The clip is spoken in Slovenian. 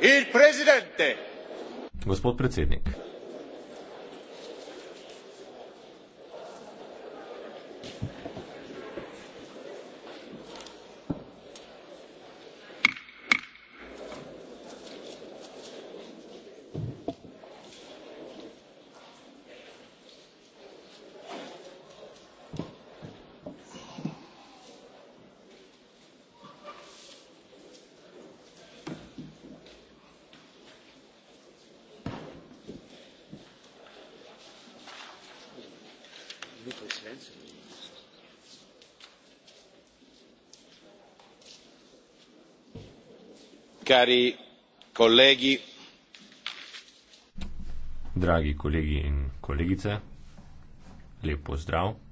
il presidente. Gospod predsednik. cari colleghi draghi colleghi in kolegice lep pozdrav